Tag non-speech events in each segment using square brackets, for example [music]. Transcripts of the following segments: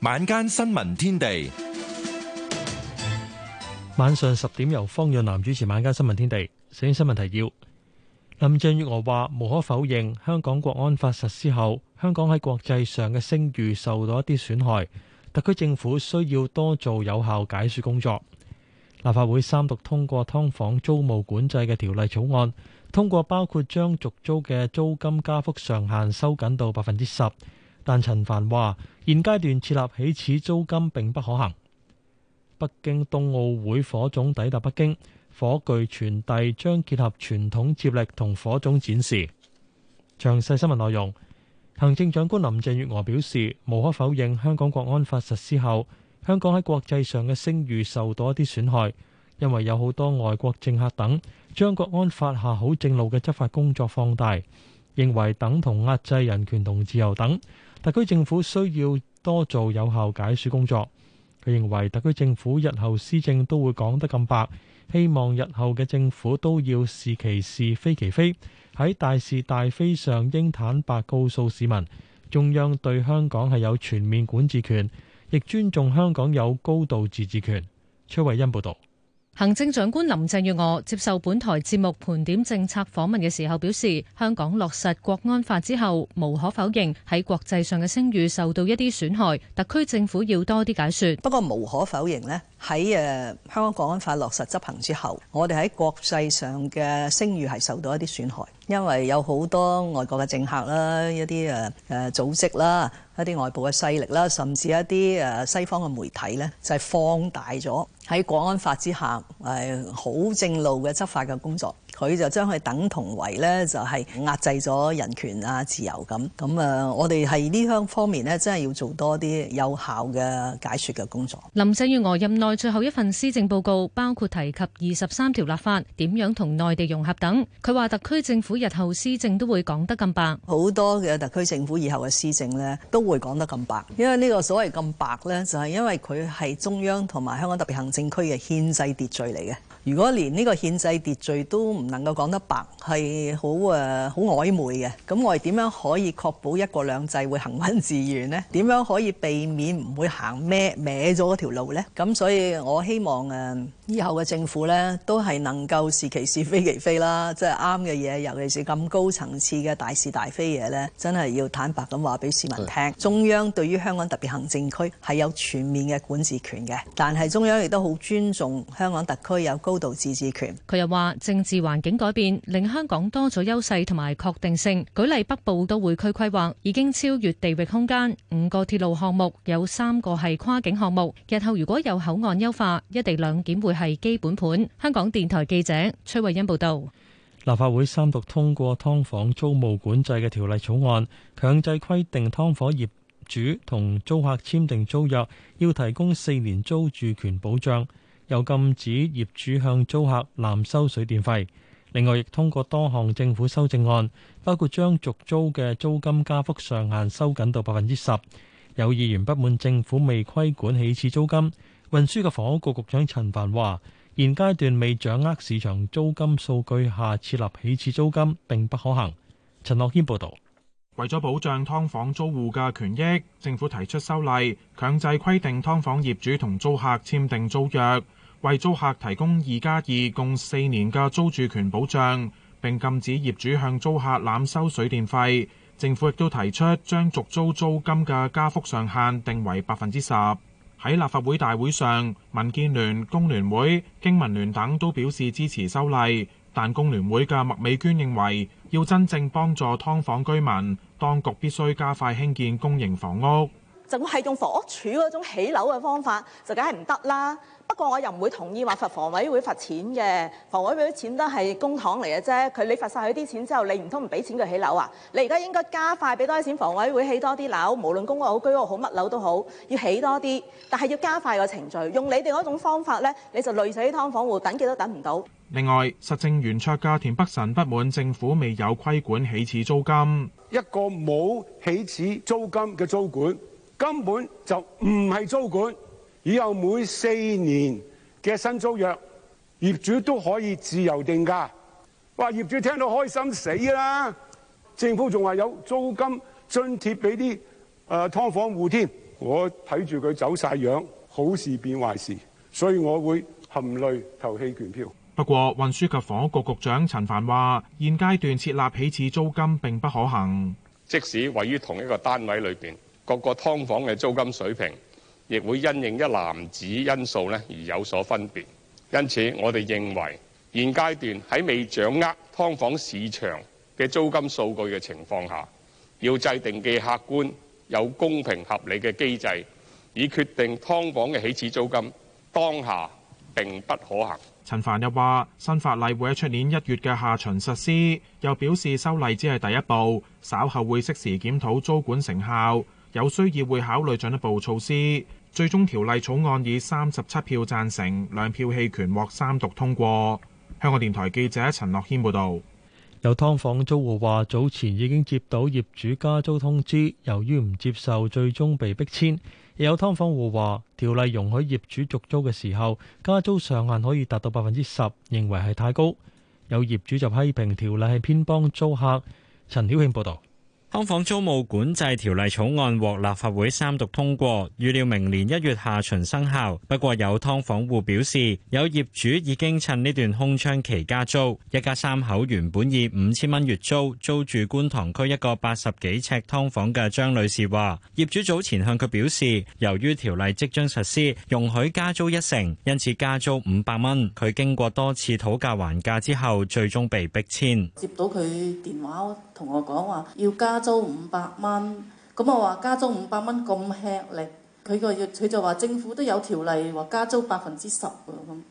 晚間新聞天地，晚上十點由方潤南主持晚間新聞天地。首先新聞提要：林鄭月娥話，無可否認，香港國安法實施後，香港喺國際上嘅聲譽受到一啲損害，特區政府需要多做有效解說工作。立法會三讀通過《劏房租務管制》嘅條例草案，通過包括將續租嘅租金加幅上限收緊到百分之十。但陳帆話：現階段設立起始租金並不可行。北京冬奧會火種抵達北京，火炬傳遞將結合傳統接力同火種展示。詳細新聞內容，行政長官林鄭月娥表示：無可否認，香港國安法實施後，香港喺國際上嘅聲譽受到一啲損害，因為有好多外國政客等將國安法下好正路嘅執法工作放大，認為等同壓制人權同自由等。特區政府需要多做有效解說工作。佢認為特區政府日後施政都會講得咁白，希望日後嘅政府都要是其是非其非，喺大是大非上應坦白告訴市民，中央對香港係有全面管治權，亦尊重香港有高度自治權，崔慧欣報道。行政長官林鄭月娥接受本台節目盤點政策訪問嘅時候表示，香港落實國安法之後，無可否認喺國際上嘅聲譽受到一啲損害，特區政府要多啲解說。不過無可否認咧，喺誒香港國安法落實執行之後，我哋喺國際上嘅聲譽係受到一啲損害。因為有好多外國嘅政客啦，一啲誒誒組織啦，一啲外部嘅勢力啦，甚至一啲誒西方嘅媒體咧，就係、是、放大咗喺《國安法》之下，誒好正路嘅執法嘅工作。佢就將佢等同為咧，就係壓制咗人權啊、自由咁。咁啊，我哋係呢方面呢，真係要做多啲有效嘅解説嘅工作。林鄭月娥任內最後一份施政報告，包括提及二十三條立法點樣同內地融合等。佢話特區政府日後施政都會講得咁白，好多嘅特區政府以後嘅施政呢，都會講得咁白。因為呢個所謂咁白呢，就係因為佢係中央同埋香港特別行政區嘅憲制秩序嚟嘅。如果連呢個憲制秩序都唔能夠講得白，係好誒好曖昧嘅。咁我哋點樣可以確保一國兩制會行穩致遠呢？點樣可以避免唔會行咩歪咗嗰條路呢？咁所以我希望誒。呃以後嘅政府咧，都係能夠是其是非其非啦，即係啱嘅嘢，尤其是咁高層次嘅大是大非嘢咧，真係要坦白咁話俾市民聽，中央對於香港特別行政區係有全面嘅管治權嘅，但係中央亦都好尊重香港特區有高度自治權，佢又話：政治環境改變令香港多咗優勢同埋確定性。舉例北部都會區規劃已經超越地域空間，五個鐵路項目有三個係跨境項目。日後如果有口岸優化，一地兩檢會。係基本盤。香港電台記者崔慧欣報道，立法會三讀，通過劏房租務管制嘅條例草案，強制規定劏房業主同租客簽訂租約，要提供四年租住權保障，又禁止業主向租客濫收水電費，另外，亦通過多項政府修正案，包括將續租嘅租金加幅上限收緊到百分之十。有議員不滿政府未規管起始租金。運輸嘅房屋局局長陳帆話：現階段未掌握市場租金數據下設立起始租金並不可行。陳樂謙報導。為咗保障劏房租戶嘅權益，政府提出修例，強制規定劏房業主同租客簽訂租約，為租客提供二加二共四年嘅租住權保障，並禁止業主向租客濫收水電費。政府亦都提出將續租租金嘅加幅上限定為百分之十。喺立法會大會上，民建聯、工聯會、經民聯等都表示支持修例，但工聯會嘅麥美娟認為，要真正幫助劏房居民，當局必須加快興建公營房屋。就係用火柱嗰種起樓嘅方法，就梗係唔得啦。不過我又唔會同意話罰房委會罰錢嘅，房委會啲錢都係公帑嚟嘅啫。佢你罰晒佢啲錢之後，你唔通唔俾錢佢起樓啊？你而家應該加快俾多啲錢房委會起多啲樓，無論公屋好居屋好乜樓都好，要起多啲，但係要加快個程序。用你哋嗰種方法咧，你就累死啲劏房戶，等幾都等唔到。另外，實政原創嘅田北辰不滿政府未有規管起始租金，一個冇起始租金嘅租管。根本就唔係租管，以後每四年嘅新租約業主都可以自由定價，哇！業主聽到開心死啦。政府仲話有租金津貼俾啲誒劏房戶添。我睇住佢走晒樣，好事變壞事，所以我會含淚投棄權票。不過運輸及房屋局局長陳凡話現階段設立起始租金並不可行，即使位於同一個單位裏邊。各個劏房嘅租金水平，亦會因應一籃子因素呢而有所分別。因此，我哋認為現階段喺未掌握劏房市場嘅租金數據嘅情況下，要制定既客觀有公平合理嘅機制，以決定劏房嘅起始租金，當下並不可行。陳帆又話，新法例會喺出年一月嘅下旬實施，又表示修例只係第一步，稍後會適時檢討租管成效。有需要會考慮進一步措施。最終條例草案以三十七票贊成、兩票棄權獲三讀通過。香港電台記者陳樂軒報導。有劏房租戶話：早前已經接到業主加租通知，由於唔接受，最終被逼遷。亦有劏房戶話：條例容許業主續租嘅時候，加租上限可以達到百分之十，認為係太高。有業主就批評條例係偏幫租客。陳曉慶報導。劏房租務管制條例草案獲立法會三讀通過，預料明年一月下旬生效。不過有劏房戶表示，有業主已經趁呢段空窗期加租。一家三口原本以五千蚊月租租住觀塘區一個八十幾尺劏房嘅張女士話，業主早前向佢表示，由於條例即將實施，容許加租一成，因此加租五百蚊。佢經過多次討價還價之後，最終被迫遷。接到佢電話。同我講話要加租五百蚊，咁我話加租五百蚊咁吃力，佢個要佢就話政府都有條例話加租百分之十㗎，咁，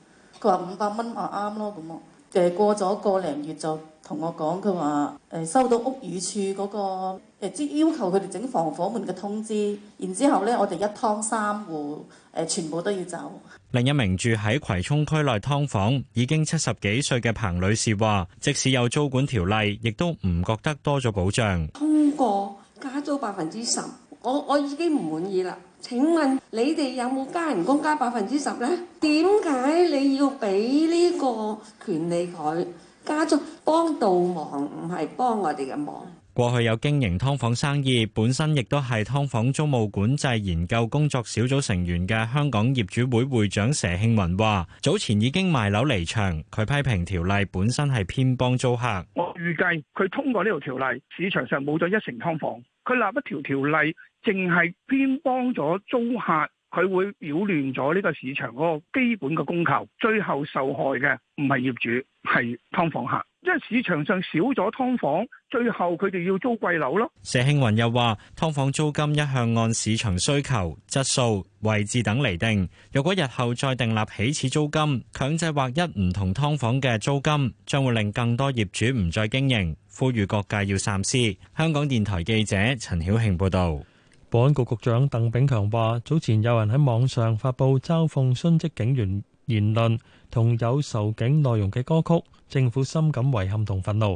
佢話五百蚊啊啱咯，咁啊，誒過咗個零月就同我講，佢話誒收到屋宇署嗰個誒即要求佢哋整防火門嘅通知，然之後呢，我哋一湯三戶誒全部都要走。另一名住喺葵涌區內劏房、已經七十幾歲嘅彭女士話，即使有租管條例，亦都唔覺得多咗保障。通過加租百分之十，我我已經唔滿意啦。請問你哋有冇加人工加百分之十呢？點解你要俾呢個權利佢加租？幫到忙，唔係幫我哋嘅忙。過去有經營劏房生意，本身亦都係劏房租務管制研究工作小組成員嘅香港業主會會長佘慶雲話：早前已經賣樓離場，佢批評條例本身係偏幫租客。我預計佢通過呢條條例，市場上冇咗一成劏房，佢立一條條例，淨係偏幫咗租客。佢會擾亂咗呢個市場嗰個基本嘅供求，最後受害嘅唔係業主，係劏房客，因為市場上少咗劏房，最後，佢哋要租貴樓咯。謝慶雲又話劏房租金一向按市場需求、質素、位置等嚟定，若果日後再訂立起始租金強制劃一唔同劏房嘅租金，將會令更多業主唔再經營，呼籲各界要三思。香港電台記者陳曉慶報道。保安局局長鄧炳強話，早前有人喺網上發布嘲諷殉職警員言論同有仇警內容嘅歌曲，政府深感遺憾同憤怒。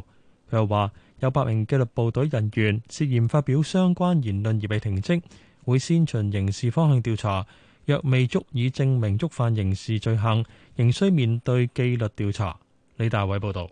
佢又話有八名紀律部隊人員涉嫌發表相關言論而被停職，會先循刑事方向調查。若未足以證明觸犯刑事罪行，仍需面對紀律調查。李大偉報道。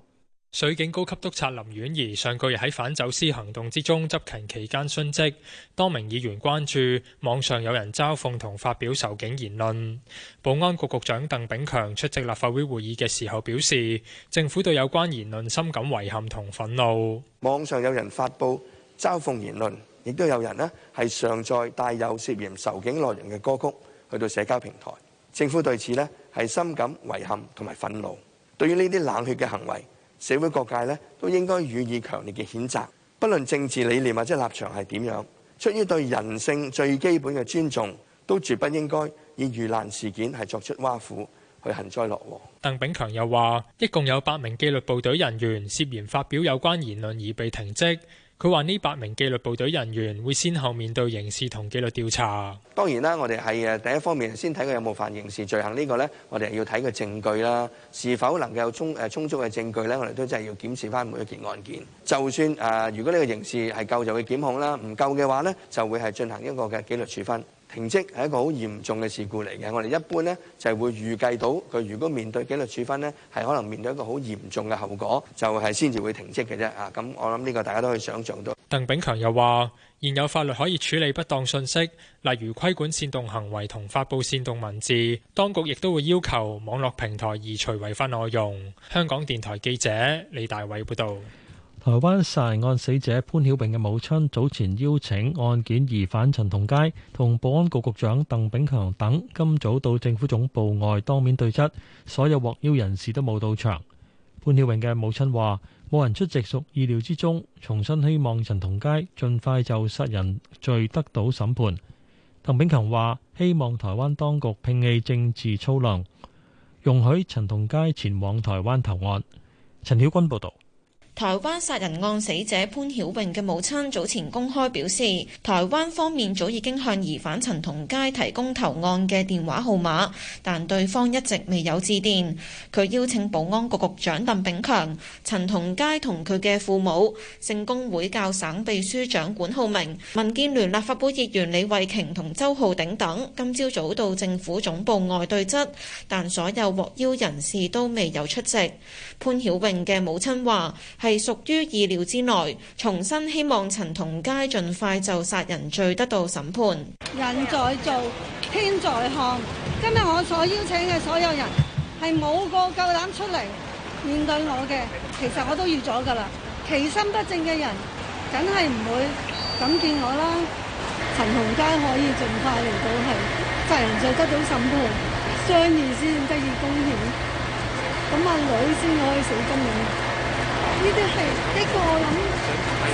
水警高級督察林婉儀上個月喺反走私行動之中執勤期間殉職，多名議員關注網上有人嘲諷同發表仇警言論。保安局局長鄧炳強出席立法會會議嘅時候表示，政府對有關言論深感遺憾同憤怒。網上有人發布嘲諷言論，亦都有人咧係上載帶有涉嫌仇警內容嘅歌曲去到社交平台。政府對此咧係深感遺憾同埋憤怒。對於呢啲冷血嘅行為，社會各界呢都應該予以強烈嘅譴責，不論政治理念或者立場係點樣，出於對人性最基本嘅尊重，都絕不應該以遇難事件係作出挖苦去幸災樂禍。鄧炳強又話，一共有八名紀律部隊人員涉嫌發表有關言論而被停職。佢話：呢八名紀律部隊人員會先後面對刑事同紀律調查。當然啦，我哋係誒第一方面先睇佢有冇犯刑事罪行呢、呢個咧，我哋係要睇個證據啦，是否能夠有充誒充足嘅證據咧，我哋都真係要檢視翻每一件案件。就算誒、呃，如果呢個刑事係夠就會檢控啦，唔夠嘅話咧就會係進行一個嘅紀律處分。停職係一個好嚴重嘅事故嚟嘅，我哋一般呢，就係會預計到佢如果面對紀律處分呢，係可能面對一個好嚴重嘅後果，就係先至會停職嘅啫啊。咁我諗呢個大家都可以想像到。鄧炳強又話：現有法律可以處理不當信息，例如規管煽動行為同發佈煽動文字，當局亦都會要求網絡平台移除違法內容。香港電台記者李大偉報導。台灣殺人案死者潘曉穎嘅母親早前邀請案件疑犯陳同佳同保安局局長鄧炳強等今早到政府總部外當面對質，所有獲邀人士都冇到場。潘曉穎嘅母親話：冇人出席屬意料之中，重新希望陳同佳盡快就殺人罪得到審判。鄧炳強話：希望台灣當局摒棄政治操弄，容許陳同佳前往台灣投案。陳曉君報導。台灣殺人案死者潘曉穎嘅母親早前公開表示，台灣方面早已經向疑犯陳同佳提供投案嘅電話號碼，但對方一直未有致電。佢邀請保安局局長鄧炳強、陳同佳同佢嘅父母、聖公會教省秘書長管浩明、民建聯立法會議員李慧瓊同周浩鼎等今朝早到政府總部外對質，但所有獲邀人士都未有出席。潘曉穎嘅母親話。係屬於意料之內，重新希望陳同佳盡快就殺人罪得到審判。人在做，天在看。今日我所邀請嘅所有人，係冇個夠膽出嚟面對我嘅，其實我都預咗噶啦。其心不正嘅人，梗係唔會敢見我啦。陳同佳可以盡快嚟到就殺人罪得到審判，商議先得以公義。咁阿女先可以死真命。呢啲係一個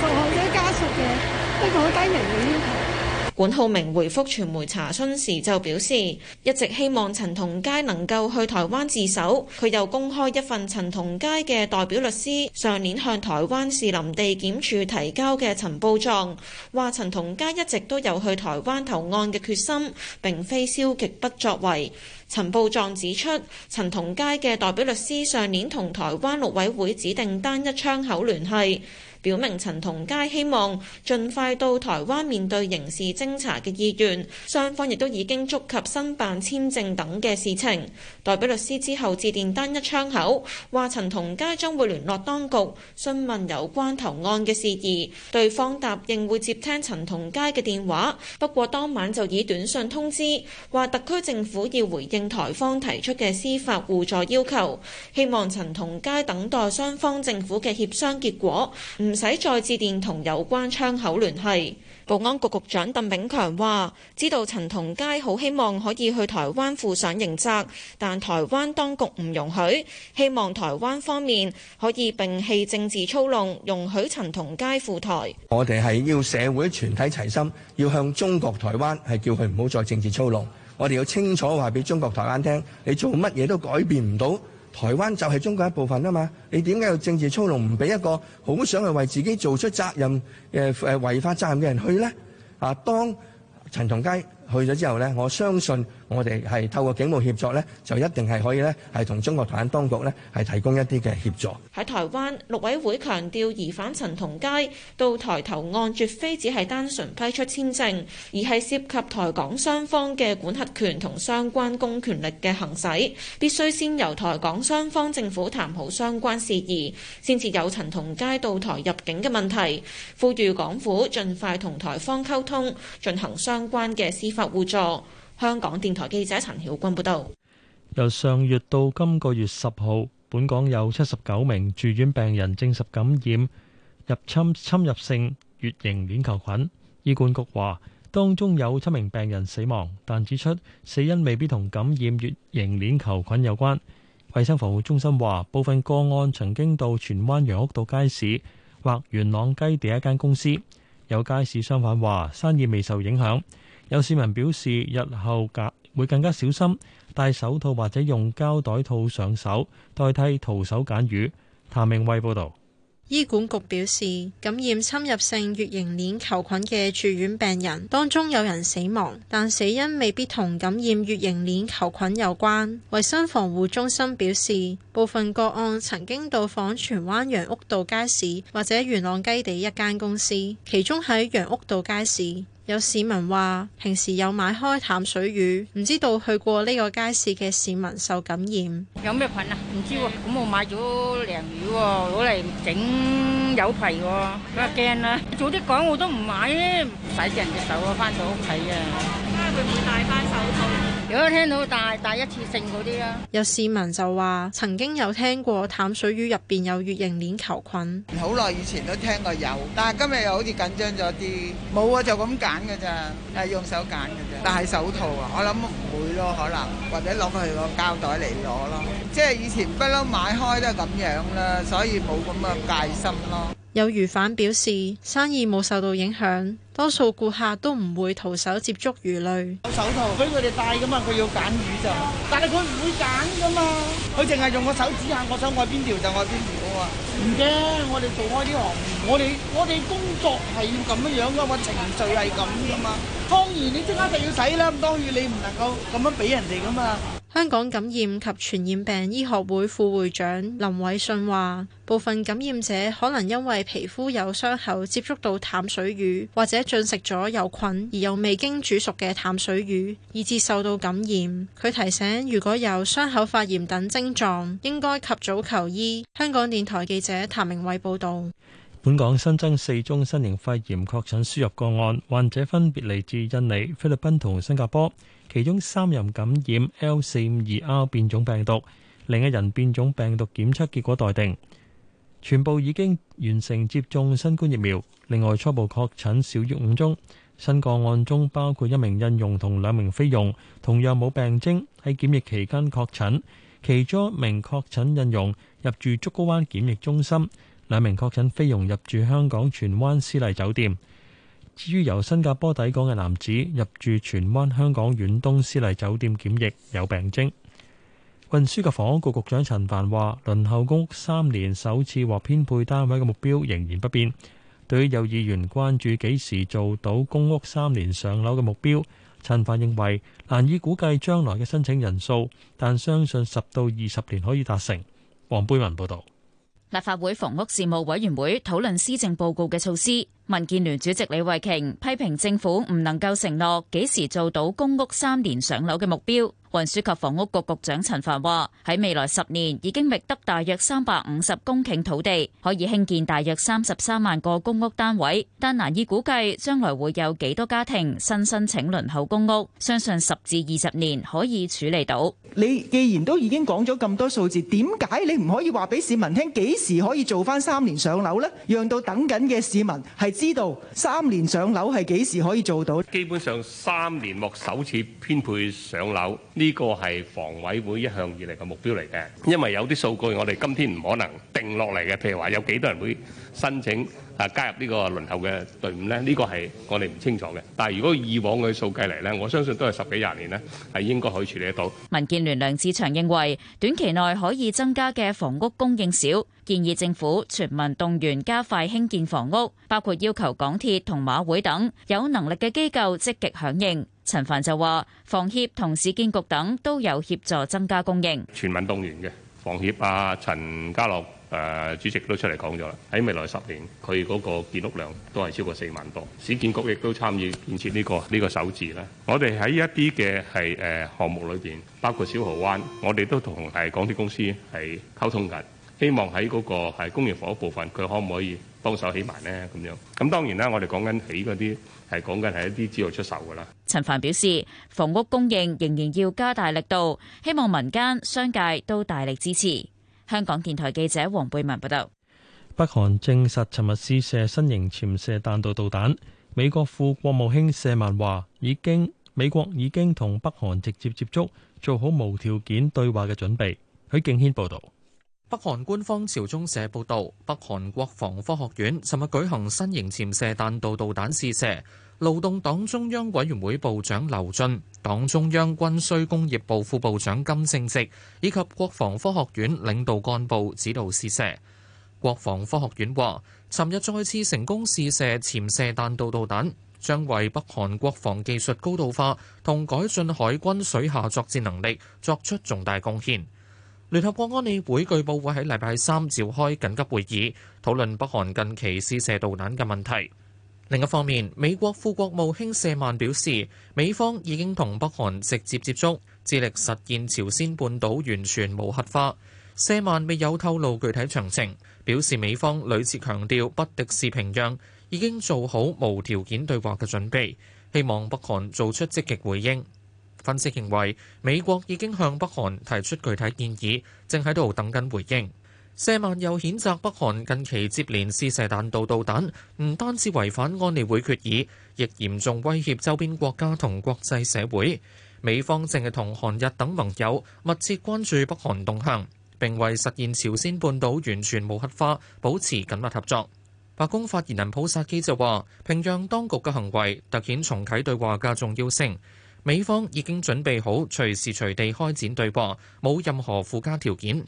我諗受害者家屬嘅一個好低明嘅要求。管浩明回覆傳媒查詢時就表示，一直希望陳同佳能夠去台灣自首。佢又公開一份陳同佳嘅代表律師上年向台灣士林地檢署提交嘅陳報狀，話陳同佳一直都有去台灣投案嘅決心，並非消極不作為。陳報狀指出，陳同佳嘅代表律師上年同台灣陸委會指定單一窗口聯繫。表明陳同佳希望盡快到台灣面對刑事偵查嘅意願，雙方亦都已經觸及申辦簽證等嘅事情。代表律師之後致電單一窗口，話陳同佳將會聯絡當局詢問有關投案嘅事宜，對方答應會接聽陳同佳嘅電話，不過當晚就以短信通知，話特區政府要回應台方提出嘅司法互助要求，希望陳同佳等待雙方政府嘅協商結果。唔使再致電同有關窗口聯繫。保安局局長鄧炳強話：知道陳同佳好希望可以去台灣負上刑責，但台灣當局唔容許。希望台灣方面可以摒棄政治操弄，容許陳同佳赴台。 [music] [music] 我哋係要社會全體齊心，要向中國台灣係叫佢唔好再政治操弄。我哋要清楚話俾中國台灣聽，你做乜嘢都改變唔到。台灣就係中國一部分啊嘛，你點解要政治操弄，唔俾一個好想去為自己做出責任嘅誒違法責任嘅人去呢？啊，當陳同佳去咗之後呢，我相信。我哋係透過警務協助呢就一定係可以呢係同中國台灣當局呢係提供一啲嘅協助。喺台灣陸委會強調，疑犯陳同佳到台投案，絕非只係單純批出簽證，而係涉及台港雙方嘅管轄權同相關公權力嘅行使，必須先由台港雙方政府談好相關事宜，先至有陳同佳到台入境嘅問題。呼籲港府盡快同台方溝通，進行相關嘅司法互助。香港電台記者陳曉君報道，由上月到今個月十號，本港有七十九名住院病人證實感染入侵侵入性乙型鏈球菌。醫管局話，當中有七名病人死亡，但指出死因未必同感染乙型鏈球菌有關。衛生防護中心話，部分個案曾經到荃灣楊屋道街市或元朗雞地一間公司。有街市商販話，生意未受影響。有市民表示，日後隔會更加小心戴手套或者用膠袋套上手，代替徒手揀魚。譚明威報道。醫管局表示，感染侵入性乙型鏈球菌嘅住院病人當中有人死亡，但死因未必同感染乙型鏈球菌有關，衛生防護中心表示，部分個案曾經到訪荃灣楊屋道街市或者元朗雞地一間公司，其中喺楊屋道街市。有市民話：平時有買開淡水魚，唔知道去過呢個街市嘅市民受感染。有咩菌啊？唔知喎、啊。咁我買咗鯪魚喎，攞嚟整有皮喎、啊，咁啊驚啦！早啲講我都唔買、啊，唔使人隻手咯、啊，翻到屋企嘅。咁會唔會戴翻手套？如果聽到帶帶一次性嗰啲啦，有市民就話曾經有聽過淡水魚入邊有乙型鏈球菌，好耐以前都聽過有，但係今日又好似緊張咗啲，冇啊就咁揀嘅咋，係用手揀嘅咋，戴手套啊，我諗唔會咯，可能或者攞佢個膠袋嚟攞咯，即係以前不嬲買開都係咁樣啦，所以冇咁嘅戒心咯。有漁販表示生意冇受到影響，多數顧客都唔會徒手接觸魚類。有手套俾佢哋戴噶嘛，佢要揀魚就，但係佢唔會揀噶嘛。佢淨係用個手指下，我想愛邊條就愛邊條啊，唔驚，我哋做開呢行業，我哋我哋工作係要咁樣樣噶嘛，程序係咁噶嘛。當然你即刻就要洗啦，當然你唔能夠咁樣俾人哋噶嘛。香港感染及傳染病醫學會副會長林偉信話，部分感染者可能因為皮膚有傷口，接觸到淡水魚或者進食咗有菌而又未經煮熟嘅淡水魚，以致受到感染。佢提醒，如果有傷口發炎等症狀應該及早求醫。香港電台記者譚明偉報道。本港新增四宗新型肺炎確診輸入個案，患者分別嚟自印尼、菲律賓同新加坡。其中三人感染 L452R 變種病毒，另一人變種病毒檢測結果待定。全部已經完成接種新冠疫苗，另外初步確診少於五宗。新個案中包括一名印傭同兩名菲傭，同樣冇病徵，喺檢疫期間確診。其中一名確診印傭入住竹篙灣檢疫中心，兩名確診菲傭入住香港荃灣絲麗酒店。至於由新加坡抵港嘅男子入住荃灣香港遠東私麗酒店檢疫，有病徵。運輸及房屋局局長陳帆話，輪候公屋三年首次獲編配單位嘅目標仍然不變。對於有議員關注幾時做到公屋三年上樓嘅目標，陳帆認為難以估計將來嘅申請人數，但相信十到二十年可以達成。黃貝文報導。立法會房屋事務委員會討論施政報告嘅措施。民建聯主席李慧瓊批評政府唔能夠承諾幾時做到公屋三年上樓嘅目標。運輸及房屋局局長陳帆話：喺未來十年已經覓得大約三百五十公頃土地，可以興建大約三十三萬個公屋單位，但難以估計將來會有幾多家庭新申請輪候公屋，相信十至二十年可以處理到。你既然都已經講咗咁多數字，點解你唔可以話俾市民聽幾時可以做返三年上樓呢？讓到等緊嘅市民係知道三年上樓係幾時可以做到？基本上三年獲首次編配上樓，呢個係房委會一向以嚟嘅目標嚟嘅。因為有啲數據，我哋今天唔可能定落嚟嘅。譬如話，有幾多人會申請？啊！加入呢個輪候嘅隊伍咧，呢個係我哋唔清楚嘅。但係如果以往嘅數計嚟咧，我相信都係十幾廿年咧，係應該可以處理得到。民建聯梁志祥認為，短期內可以增加嘅房屋供應少，建議政府全民動員加快興建房屋，包括要求港鐵同馬會等有能力嘅機構積極響應。陳帆就話，房協同市建局等都有協助增加供應，全民動員嘅房協啊，陳家樂。誒主席都出嚟講咗啦，喺未來十年，佢嗰個建屋量都係超過四萬多。市建局亦都參與建設呢個呢個首置啦。我哋喺一啲嘅係誒項目裏邊，包括小蠔灣，我哋都同係港鐵公司係溝通緊，希望喺嗰個係公營房屋部分，佢可唔可以幫手起埋咧？咁樣咁當然啦，我哋講緊起嗰啲係講緊係一啲資助出售㗎啦。陳帆表示，房屋供應仍然要加大力度，希望民間商界都大力支持。香港電台記者黃貝文報道，北韓證實尋日試射新型潛射彈道導彈。美國副國務卿謝曼話，已經美國已經同北韓直接接觸，做好無條件對話嘅準備。許敬軒報道，北韓官方朝中社報道，北韓國防科學院尋日舉行新型潛射彈道導彈試射。勞動黨中央委員會部長劉俊、黨中央軍需工業部副部長金正植以及國防科學院領導幹部指導試射。國防科學院話，尋日再次成功試射潛射彈道導彈，將為北韓國防技術高度化同改進海軍水下作戰能力作出重大貢獻。聯合國安理會據報會喺禮拜三召開緊急會議，討論北韓近期試射導彈嘅問題。另一方面，美國副國務卿舍曼表示，美方已經同北韓直接接觸，致力實現朝鮮半島完全無核化。舍曼未有透露具體詳情，表示美方屢次強調不敵視平壤，已經做好無條件對話嘅準備，希望北韓做出積極回應。分析認為，美國已經向北韓提出具體建議，正喺度等緊回應。謝曼又譴責北韓近期接連試射彈道導彈，唔單止違反安理會決議，亦嚴重威脅周邊國家同國際社會。美方淨係同韓日等盟友密切關注北韓動向，並為實現朝鮮半島完全無核化保持緊密合作。白宮發言人普薩基就話，平壤當局嘅行為，突顯重啟對話嘅重要性。美方已經準備好隨時隨地開展對話，冇任何附加條件。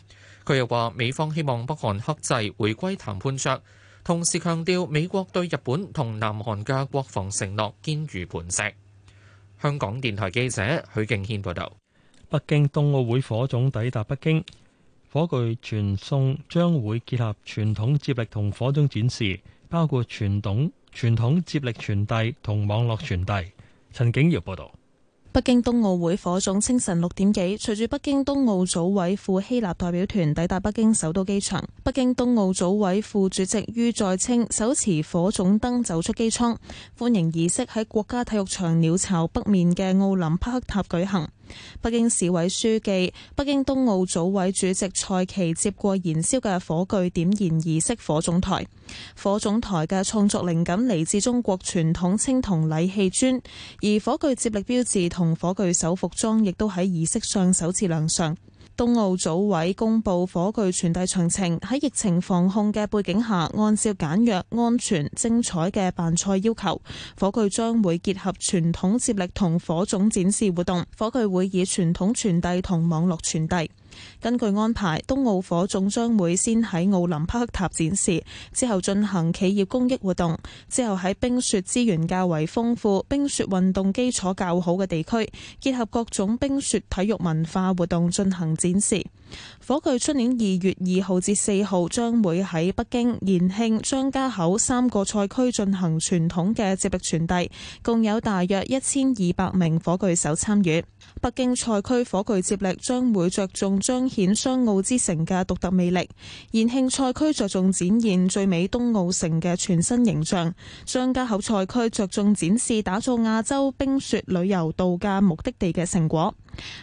佢又話：美方希望北韓克制，回歸談判桌，同時強調美國對日本同南韓嘅國防承諾堅如磐石。香港電台記者許敬軒報導。北京冬奧會火種抵達北京，火炬傳送將會結合傳統接力同火種展示，包括傳統傳統接力傳遞同網絡傳遞。陳景堯報道。北京冬奧會火種清晨六點幾，隨住北京冬奧組委赴希臘代表團抵達北京首都機場，北京冬奧組委副主席于再清手持火種燈走出機艙，歡迎儀式喺國家體育場鳥巢北面嘅奧林匹克塔舉行。北京市委書記、北京冬奧組委主席蔡奇接過燃燒嘅火炬，點燃儀式火種台。火種台嘅創作靈感嚟自中國傳統青銅禮器尊，而火炬接力標誌同火炬手服裝亦都喺儀式上首次亮相。冬奧組委公佈火炬傳遞詳情，喺疫情防控嘅背景下，按照簡約、安全、精彩嘅辦賽要求，火炬將會結合傳統接力同火種展示活動，火炬會以傳統傳遞同網絡傳遞。根據安排，冬奧火種將會先喺奧林匹克塔展示，之後進行企業公益活動，之後喺冰雪資源較為豐富、冰雪運動基礎較好嘅地區，結合各種冰雪體育文化活動進行展示。火炬出年二月二號至四號將會喺北京、延慶、張家口三個賽區進行傳統嘅接力傳遞，共有大約一千二百名火炬手參與。北京賽區火炬接力將會着重彰顯商奧之城嘅獨特魅力；延慶賽區着重展現最美冬澳城嘅全新形象；張家口賽區着重展示打造亞洲冰雪旅遊度假目的地嘅成果。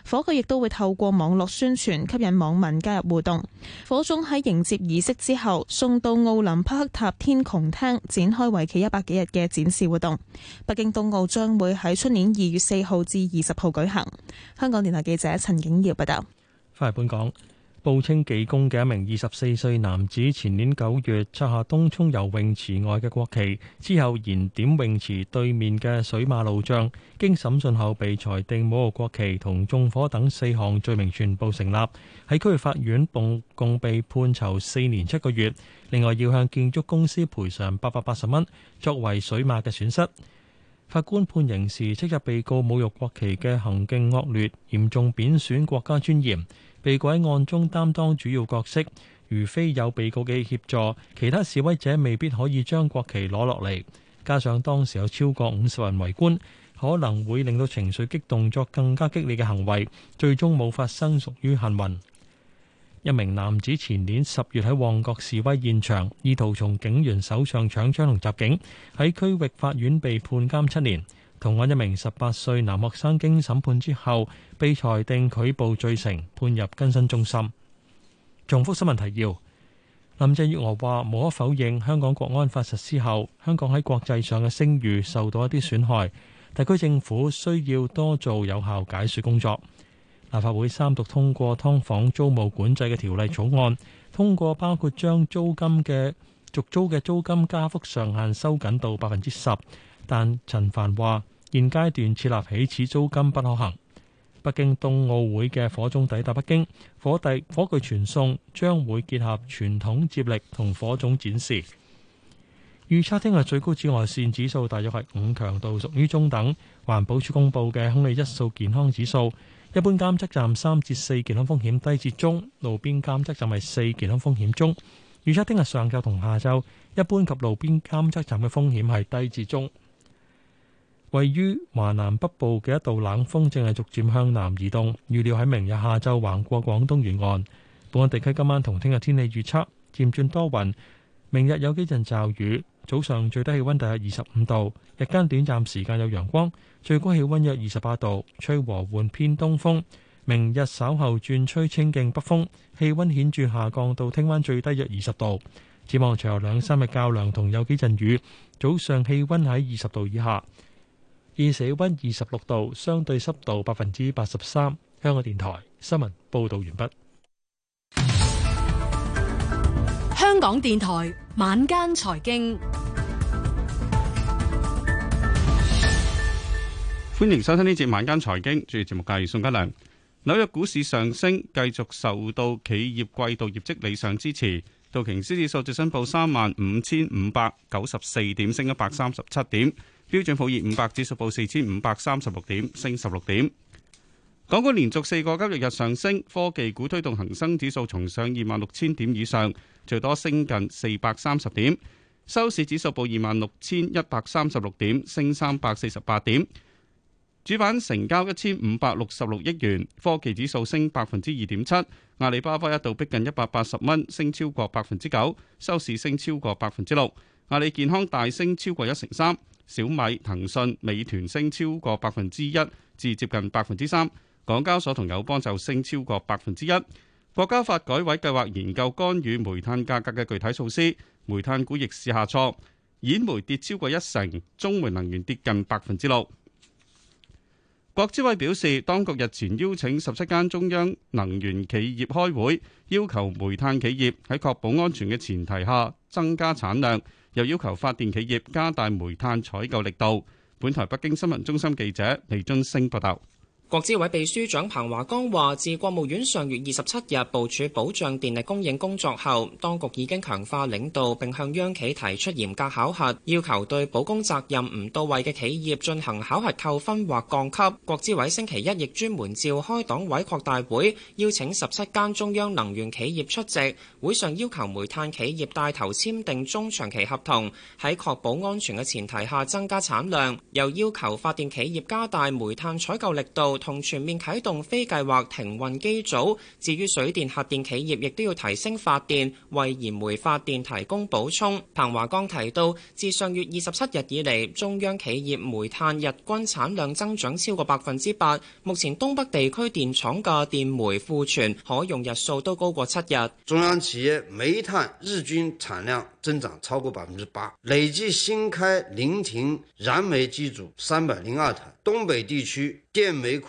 火炬亦都會透過網絡宣傳，吸引網民加入互動。火種喺迎接儀式之後，送到奧林匹克塔天穹廳，展開為期一百幾日嘅展示活動。北京冬奧將會喺出年二月四號至二十號舉行。香港電台記者陳景耀報道。翻嚟本港。報稱技工嘅一名二十四歲男子，前年九月拆下東涌游泳池外嘅國旗，之後燃點泳池對面嘅水馬路障。經審訊後，被裁定侮辱國旗同縱火等四項罪名全部成立，喺區域法院共共被判囚四年七個月，另外要向建築公司賠償八百八十蚊作為水馬嘅損失。法官判刑時，斥責被告侮辱國旗嘅行徑惡劣，嚴重貶損國家尊嚴。被告喺案中擔當主要角色，如非有被告嘅協助，其他示威者未必可以將國旗攞落嚟。加上當時有超過五十人圍觀，可能會令到情緒激動，作更加激烈嘅行為，最終冇發生屬於幸運。一名男子前年十月喺旺角示威現場，意圖從警員手上搶槍同襲警，喺區域法院被判監七年。同案一名十八歲男學生經審判之後，被裁定拒捕罪成，判入更新中心。重複新聞提要：林鄭月娥話，無可否認，香港國安法實施後，香港喺國際上嘅聲譽受到一啲損害，特區政府需要多做有效解說工作。立法會三讀通過《劏房租務管制嘅條例草案》，通過包括將租金嘅續租嘅租金加幅上限收緊到百分之十。但陳帆話：現階段設立起始租金不可行。北京冬奧會嘅火種抵達北京，火遞火炬傳送將會結合傳統接力同火種展示。預測聽日最高紫外線指數大約係五，強度，屬於中等。環保署公布嘅空氣質素健康指數，一般監測站三至四，健康風險低至中，路邊監測站係四，健康風險中。預測聽日上晝同下晝一般及路邊監測站嘅風險係低至中。位於華南北部嘅一道冷風，正係逐漸向南移動。預料喺明日下晝橫過廣東沿岸。本港地區今晚同聽日天氣預測漸轉多雲，明日有幾陣驟雨。早上最低氣溫大約二十五度，日間短暫時間有陽光，最高氣溫約二十八度，吹和緩偏東風。明日稍後轉吹清勁北風，氣温顯著下降到聽晚最低約二十度。展望隨後兩三日較涼同有幾陣雨，早上氣温喺二十度以下。現時温二十六度，相對濕度百分之八十三。香港電台新聞報道完畢。香港電台晚間財經，歡迎收聽呢節晚間財經。主持節目嘅係宋家良。紐約股市上升，繼續受到企業季度業績理想支持。道瓊斯指數最新報三萬五千五百九十四點，升一百三十七點。標準普爾五百指數報四千五百三十六點，升十六點。港股連續四個交易日上升，科技股推動恒生指數重上二萬六千點以上，最多升近四百三十點。收市指數報二萬六千一百三十六點，升三百四十八點。主板成交一千五百六十六億元，科技指數升百分之二點七。阿里巴巴一度逼近一百八十蚊，升超過百分之九，收市升超過百分之六。阿里健康大升超過一成三。小米、騰訊、美團升超過百分之一，至接近百分之三。港交所同友邦就升超過百分之一。國家發改委計劃研究干預煤炭價格嘅具體措施，煤炭股逆市下挫，兗煤跌超過一成，中煤能源跌近百分之六。國資委表示，當局日前邀請十七間中央能源企業開會，要求煤炭企業喺確保安全嘅前提下增加產量，又要求發電企業加大煤炭採購力度。本台北京新聞中心記者李津升報道。國資委秘書長彭華崗話，自國務院上月二十七日部署保障電力供應工作後，當局已經強化領導，並向央企提出嚴格考核，要求對保供責任唔到位嘅企業進行考核扣分或降級。國資委星期一亦專門召開黨委擴大會，邀請十七間中央能源企業出席，會上要求煤炭企業帶頭簽訂中長期合同，喺確保安全嘅前提下增加產量，又要求發電企業加大煤炭採購力度。同全面啟動非計劃停運機組，至於水電核電企業亦都要提升發電，為燃煤發電提供補充。彭華剛提到，自上月二十七日以嚟，中央，中央企業煤炭日均產量增長超過百分之八。目前東北地區電廠嘅電煤庫存可用日數都高過七日。中央企業煤炭日均產量增長超過百分之八，累計新開臨停燃煤機組三百零二台。東北地區電煤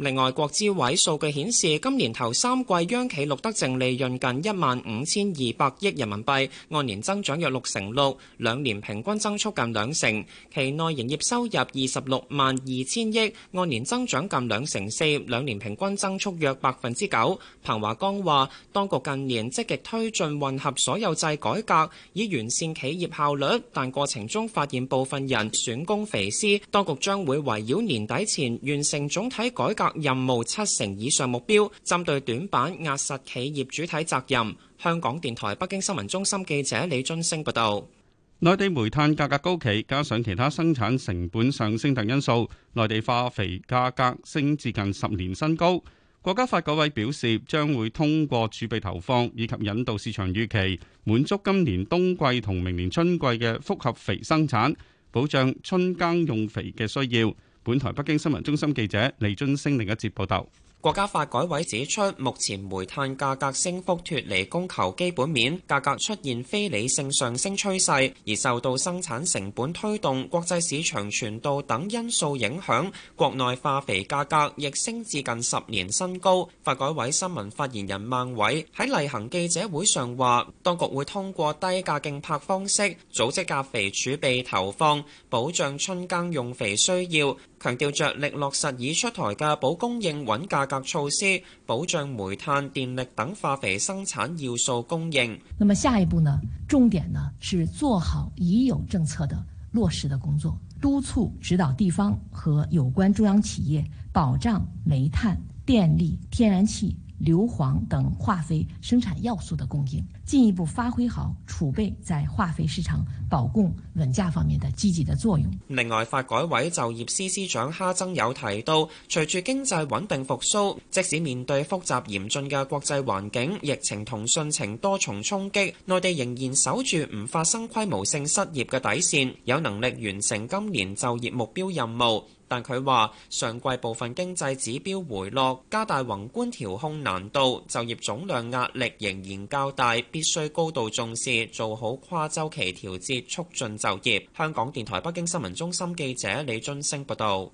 另外，國資委數據顯示，今年頭三季央企錄得淨利潤近一萬五千二百億人民幣，按年增長約六成六，兩年平均增速近兩成。期內營業收入二十六萬二千億，按年增長近兩成四，兩年平均增速約百分之九。彭華剛話：當局近年積極推進混合所有制改革，以完善企業效率，但過程中發現部分人選公肥私，當局將會圍繞年底前完成總體改革。任務七成以上目標，針對短板壓實企業主體責任。香港電台北京新聞中心記者李津升報道。內地煤炭價格高企，加上其他生產成本上升等因素，內地化肥價格升至近十年新高。國家發改委表示，將會通過儲備投放以及引導市場預期，滿足今年冬季同明年春季嘅複合肥生產，保障春耕用肥嘅需要。本台北京新聞中心記者李津升另一節報道。國家發改委指出，目前煤炭價格升幅脫離供求基本面，價格出現非理性上升趨勢，而受到生產成本推動、國際市場傳導等因素影響。國內化肥價格亦升至近十年新高。發改委新聞發言人孟偉喺例行記者會上話，當局會通過低價競拍方式組織化肥儲備投放，保障春耕用肥需要。強調着力落實已出台嘅保供應穩價格措施，保障煤炭、電力等化肥生產要素供應。那麼下一步呢？重點呢，是做好已有政策的落實的工作，督促指導地方和有關中央企業保障煤炭、電力、天然氣、硫磺等化肥生產要素的供應，進一步發揮好儲備在化肥市場保供穩價方面的積極的作用。另外，發改委就業司司長哈增友提到，隨住經濟穩定復蘇，即使面對複雜嚴峻嘅國際環境、疫情同汛情多重衝擊，內地仍然守住唔發生規模性失業嘅底線，有能力完成今年就業目標任務。但佢話：上季部分經濟指標回落，加大宏觀調控難度，就業總量壓力仍然較大，必須高度重視，做好跨週期調節，促進就業。香港電台北京新聞中心記者李津升報道。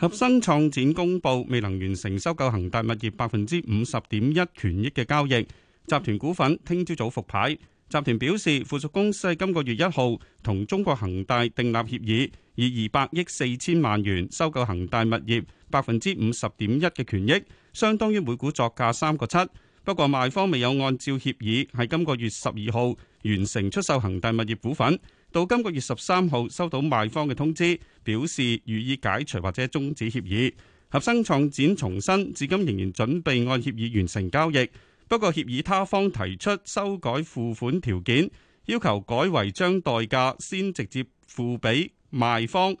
合生創展公佈未能完成收購恒大物業百分之五十點一權益嘅交易，集團股份聽朝早復牌。集團表示，附屬公司喺今個月一號同中國恒大訂立協議，以二百億四千萬元收購恒大物業百分之五十點一嘅權益，相當於每股作價三個七。不過賣方未有按照協議喺今個月十二號完成出售恒大物業股份，到今個月十三號收到賣方嘅通知，表示予以解除或者終止協議。合生創展重申，至今仍然準備按協議完成交易。不過，協議他方提出修改付款條件，要求改為將代價先直接付畀賣方，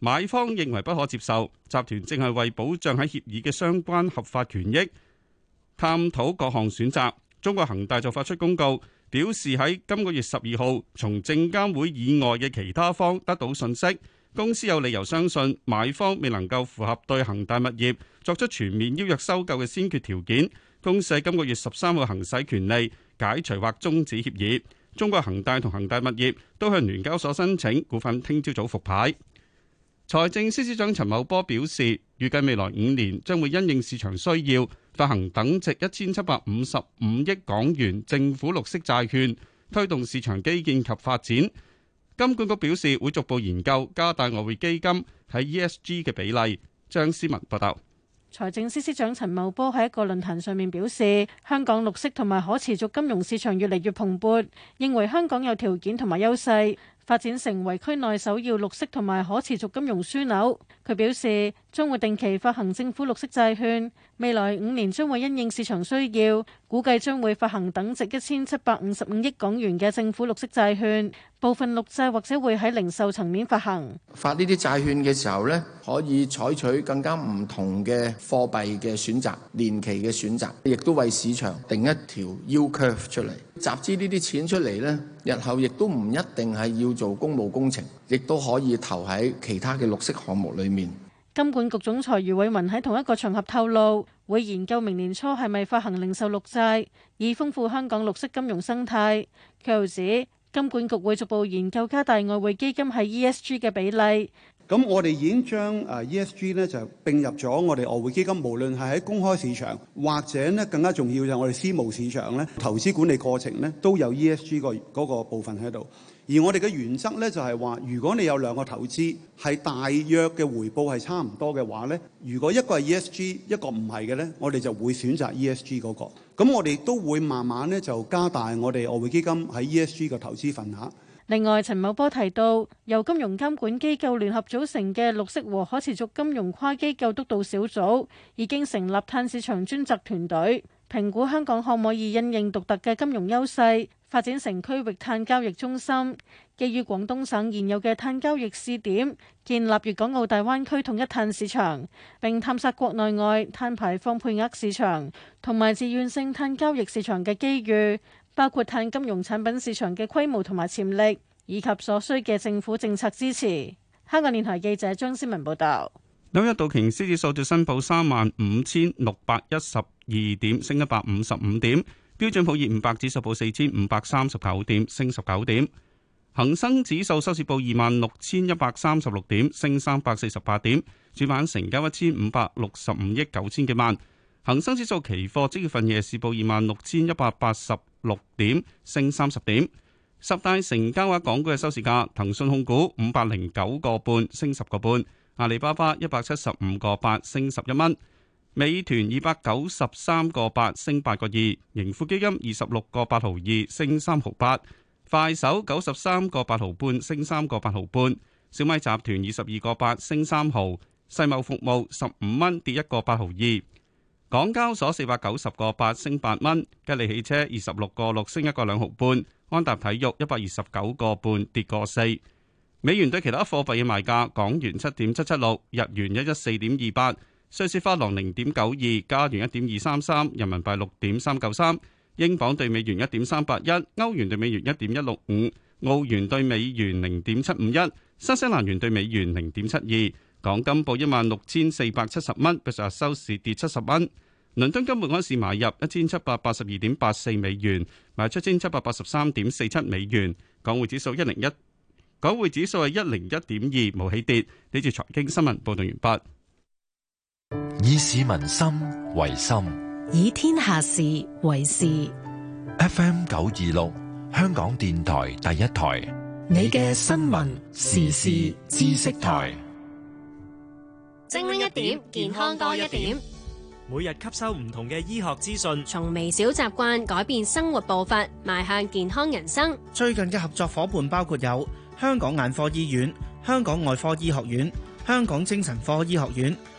買方認為不可接受。集團正係為保障喺協議嘅相關合法權益，探討各項選擇。中國恒大就發出公告，表示喺今個月十二號，從證監會以外嘅其他方得到信息，公司有理由相信買方未能夠符合對恒大物業作出全面邀約收購嘅先決條件。公佈今個月十三號行使權利，解除或終止協議。中國恒大同恒大物業都向聯交所申請股份聽朝早復牌。財政司司長陳茂波表示，預計未來五年將會因應市場需要發行等值一千七百五十五億港元政府綠色債券，推動市場基建及發展。金管局表示會逐步研究加大外匯基金喺 ESG 嘅比例。張思文報道。財政司司長陳茂波喺一個論壇上面表示，香港綠色同埋可持續金融市場越嚟越蓬勃，認為香港有條件同埋優勢，發展成為區內首要綠色同埋可持續金融樞紐。佢表示，將會定期發行政府綠色債券。未來五年將會因應市場需要，估計將會發行等值一千七百五十五億港元嘅政府綠色債券，部分綠債或者會喺零售層面發行。發呢啲債券嘅時候呢，可以採取更加唔同嘅貨幣嘅選擇、年期嘅選擇，亦都為市場定一條 U curve 出嚟。集資呢啲錢出嚟呢，日後亦都唔一定係要做公務工程，亦都可以投喺其他嘅綠色項目裏面。金管局總裁余偉文喺同一個場合透露，會研究明年初係咪發行零售綠債，以豐富香港綠色金融生態。佢又指，金管局會逐步研究加大外匯基金喺 ESG 嘅比例。咁我哋已經將誒 ESG 咧就併入咗我哋外匯基金，無論係喺公開市場或者咧更加重要就係我哋私募市場咧，投資管理過程咧都有 ESG 個嗰個部分喺度。而我哋嘅原則咧，就係話，如果你有兩個投資係大約嘅回報係差唔多嘅話咧，如果一個係 ESG，一個唔係嘅咧，我哋就會選擇 ESG 嗰個。咁我哋都會慢慢咧就加大我哋外匯基金喺 ESG 嘅投資份額。另外，陳茂波提到，由金融監管機構聯合組成嘅綠色和可持續金融跨機構督導小組已經成立碳市場專責團隊，評估香港可唔可以因應獨特嘅金融優勢。發展成區域碳交易中心，基於廣東省現有嘅碳交易試點，建立粵港澳大灣區統一碳市場，並探索國內外碳排放配額市場同埋自願性碳交易市場嘅機遇，包括碳金融產品市場嘅規模同埋潛力，以及所需嘅政府政策支持。香港電台記者張思文報道。紐約道瓊斯指數就收報三萬五千六百一十二點，升一百五十五點。標準普爾五百指數報四千五百三十九點，升十九點；恒生指數收市報二萬六千一百三十六點，升三百四十八點。主板成交一千五百六十五億九千幾萬。恒生指數期貨即月份夜市報二萬六千一百八十六點，升三十點。十大成交額港股嘅收市價：騰訊控股五百零九個半，升十個半；阿里巴巴一百七十五個八，升十一蚊。美團二百九十三個八升八個二，盈富基金二十六個八毫二升三毫八，快手九十三個八毫半升三個八毫半，小米集團二十二個八升三毫，世茂服務十五蚊跌一個八毫二，港交所四百九十個八升八蚊，吉利汽車二十六個六升一個兩毫半，安踏體育一百二十九個半跌個四，美元兌其他貨幣嘅賣價，港元七點七七六，日元一一四點二八。瑞士法郎零點九二，加元一點二三三，人民幣六點三九三，英鎊兌美元一點三八一，歐元兌美元一點一六五，澳元兌美元零點七五一，新西蘭元兌美元零點七二。港金報一萬六千四百七十蚊，比上日收市跌七十蚊。倫敦金每盎司買入一千七百八十二點八四美元，賣出千七百八十三點四七美元。港匯指數一零一，港匯指數係一零一點二，冇起跌。呢段財經新聞報道完畢。以市民心為心，以天下事為事。F. M. 九二六，香港電台第一台，你嘅新聞時事知識台，精靈一點，健康多一點。每日吸收唔同嘅醫學資訊，從微小習慣改變生活步伐，邁向健康人生。最近嘅合作伙伴包括有香港眼科醫院、香港外科醫學院、香港精神科醫學院。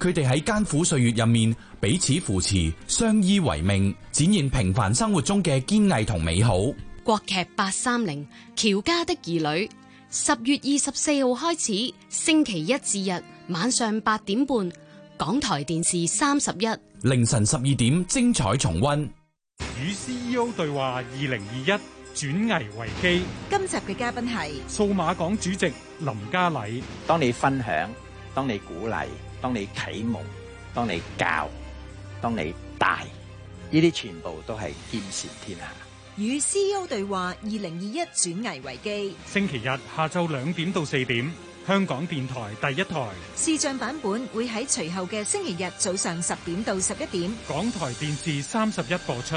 佢哋喺艱苦歲月入面，彼此扶持，相依為命，展現平凡生活中嘅堅毅同美好。國劇八三零《喬家的兒女》，十月二十四號開始，星期一至日晚上八點半，港台電視三十一凌晨十二點精彩重温。與 CEO 對話二零二一轉危為機。今集嘅嘉賓係數碼港主席林家禮。當你分享，當你鼓勵。當你啟蒙，當你教，當你大，呢啲全部都係兼善天下。與 CEO 對話，二零二一轉危為機。星期日下晝兩點到四點，香港電台第一台。視像版本會喺隨後嘅星期日早上十點到十一點，港台電視三十一播出。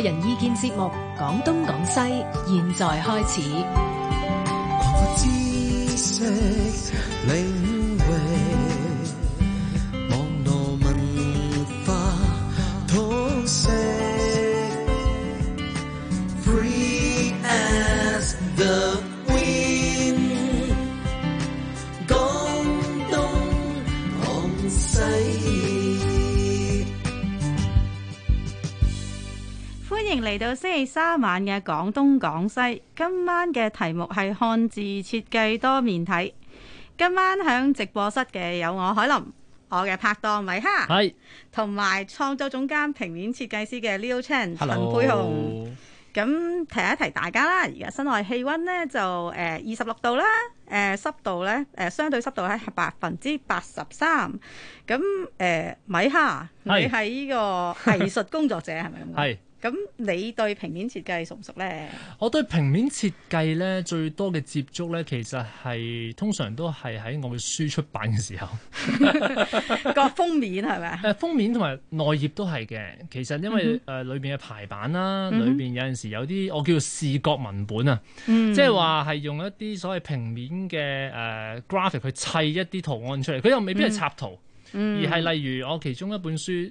人意見節目，廣東廣西，現在開始。到星期三晚嘅講東講西，今晚嘅題目係漢字設計多面體。今晚響直播室嘅有我海林，我嘅拍檔米哈，係同埋創作總監、平面設計師嘅 Leo Chan 陳佩紅。咁提一提大家啦，而家室外氣溫呢就誒二十六度啦，誒、呃、濕度呢誒、呃、相對濕度係百分之八十三。咁誒、呃，米哈，是你係呢個藝術工作者係咪咁講？ [laughs] 是咁你對平面設計熟唔熟咧？我對平面設計咧最多嘅接觸咧，其實係通常都係喺我嘅書出版嘅時候個 [laughs] [laughs] 封面係咪啊？封面同埋內頁都係嘅。其實因為誒裏邊嘅排版啦，裏邊有陣時有啲我叫視覺文本啊，嗯、哼即係話係用一啲所謂平面嘅誒 graphic 去砌一啲圖案出嚟。佢又未必係插圖，嗯、哼而係例如我其中一本書。